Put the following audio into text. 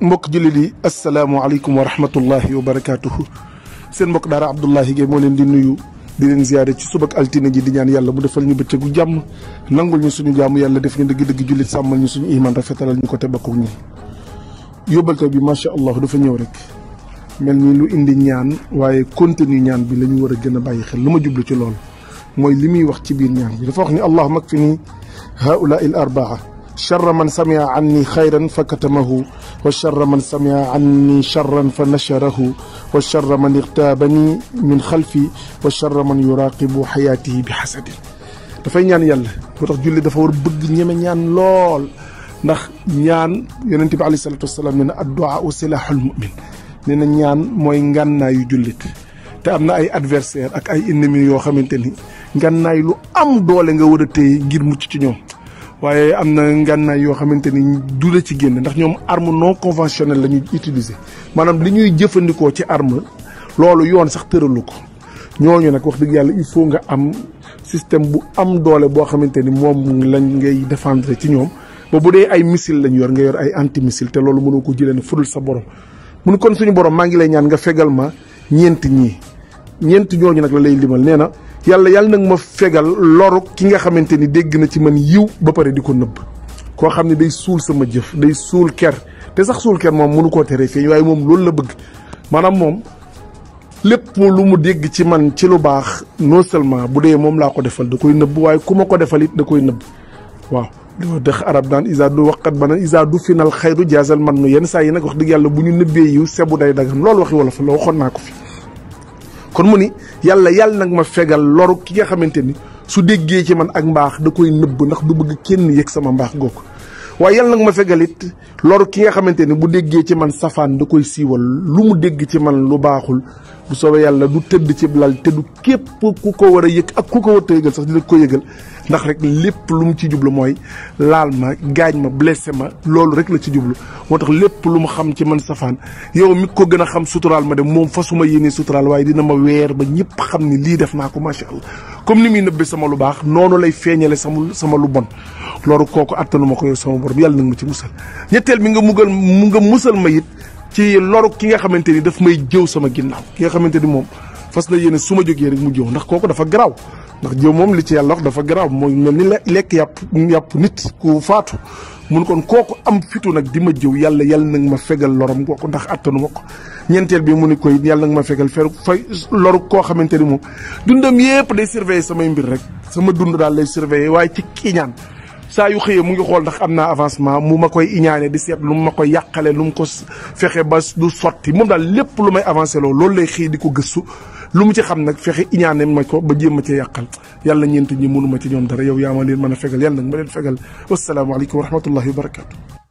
mbokk jullit yi asalaamualeykum wa rahmatullahi wa barakaatuhu seen mbokk daara Abdoulahi Gaye moo leen di nuyu di leen ziyaare ci subak altine ji di ñaan yàlla mu defal ñu bëccëgu jàmm nangul ñu suñu jàmm yàlla def ñu dëgg-dëgg jullit sàmmal ñu suñu iman rafetalal ñu ko te bakku ñi yóbbal taw bi macha allah dafa ñëw rek mel ni lu indi ñaan waaye contenu ñaan bi la ñu war a gën a bàyyi xel lu ma jublu ci lool mooy li muy wax ci biir ñaan bi dafa wax ni allahumma kfini haulaai l arbaa شر من سمع عني خيرا فكتمه وشر من سمع عني شرا فنشره وشر من اغتابني من خلفي وشر من يراقب حياته بحسد دا فاي نيان يالا موتاخ جولي دا فور بوج نيما نيان لول ناخ نيان يونتي عليه الصلاه والسلام من الدعاء سلاح المؤمن نينا نيان موي غانا يو جوليت تا امنا اي ادفيرسير اك اي انمي يو خامتيني غانا لو ام دوله nga wara tey ngir mucc ci ñoom waaye am na ngannaay yoo xamante ni du la ci génn ndax ñoom arme non conventionnelle la ñuy utiliser maanaam li ñuy jëfandikoo ci arme loolu yoon sax tëralu ko ñooñu nag wax dëgg yàlla il faut nga am système bu am doole boo xamante ni moom lañ ngay défendre ci ñoom ba bu dee ay missile lañu yor nga yor ay anti missile te loolu mënoo ko jëlee ne fudul sa borom mun kon suñu borom maa ngi lay ñaan nga fegal ma ñeenti ñii ñeent ñooñu nag la lay limal nee na yàlla yàlla nag ma fegal loru ki nga xamante ni dégg na ci man yiw ba pare di ko nëbb koo xam ne day suul sama jëf day suul ker te sax suul ker moom mënu koo teree fii waaye moom loolu la bëgg maanaam moom lépp lu mu dégg ci man ci lu baax non seulement bu dee moom laa ko defal da koy nëbb waaye ku ma ko defal it da koy nëbb waaw loolu dex arab daan isa du waqat bana isa du final xayru jaasal man nu yenn saa yi nag wax dëgg yàlla bu ñu nëbbee yiw sebu day dagam loolu waxi wolof la waxoon kon mu ni yàlla yàlla nag ma fegal loru ki nga xamante ni su déggee ci man ak mbaax da koy nëbb ndax du bëgg kenn yëg sama mbaax googu waaye yàlla nag ma fegalit loru ki nga xamante ni bu déggee ci man safaan da koy siiwal lu mu dégg ci man lu baaxul bu soobee yàlla du tëdd ci lal te du képp ku ko war a yëg ak ku ko war a yëgal sax dina ko yëgal ndax rek lépp lu mu ci jublu mooy laal ma gaañ ma blessé ma loolu rek la ci jublu moo tax lépp lu mu xam ci man safaan yow mi ko gën a xam suturaal ma dem moom fa fasuma yéenee suturaal waaye dina ma weer ba ñëpp xam ni lii def naa ko macha comme ni muy nëbbee sama lu baax noonu lay feeñale sama sama lu bon loolu koko attanu ma ko yow sama borom yalla nang ma ci mussal ñettel mi nga mugal mu nga mussal ma yit ci loru ki nga xamanteni daf may jëw sama ginnaw ki nga xamanteni ni fas la yene suma ma rek mu jëw ndax kooku dafa graw ndax jëw mom li ci yalla wax dafa graw mooy melni lek yap yap nit ku faatu mun kon kooku am fitu nak dima jëw yalla yalla nang ma fegal lorom kooku ndax attanu ko bi mu ni koy yalla yàlla ma fegal fer fay loru ko xamanteni mom dundam yépp day surveiller sama mbir rek sama dund dal lay surveiller way ci kiñan saa yu xëyee mu ngi xol ndax amna avancement mu makoy iñane di set lu makoy yakale lu ko fexe ba du sotti mom dal lépp lu may avancer lo lol lay xëy diko geussu lu mu ci xam nak fexe iñane ma ko ba jéem ci yakal yàlla ñent ñi ma ci ñom dara yow yaama leen mëna fegal yàlla nak ma leen fegal wasalaamaaleykum wa rahmatullahi wa barakatu